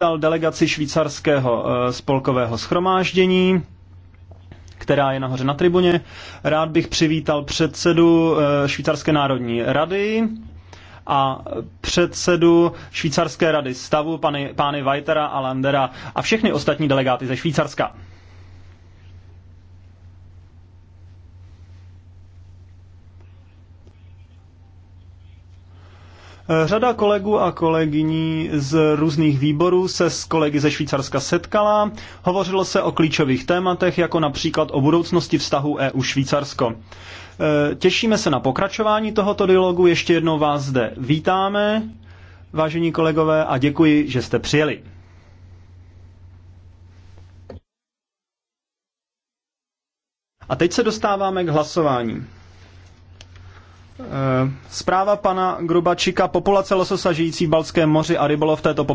dal delegaci švýcarského eh, spolkového schromáždění, která je nahoře na tribuně. Rád bych přivítal předsedu eh, Švýcarské národní rady a předsedu Švýcarské rady stavu, pany, pány Weitera a Landera a všechny ostatní delegáty ze Švýcarska. Řada kolegů a kolegyní z různých výborů se s kolegy ze Švýcarska setkala. Hovořilo se o klíčových tématech, jako například o budoucnosti vztahu EU-Švýcarsko. E, těšíme se na pokračování tohoto dialogu. Ještě jednou vás zde vítáme, vážení kolegové, a děkuji, že jste přijeli. A teď se dostáváme k hlasování. Eh, zpráva pana Grubačika, populace lososa žijící v balském moři a rybolov této populace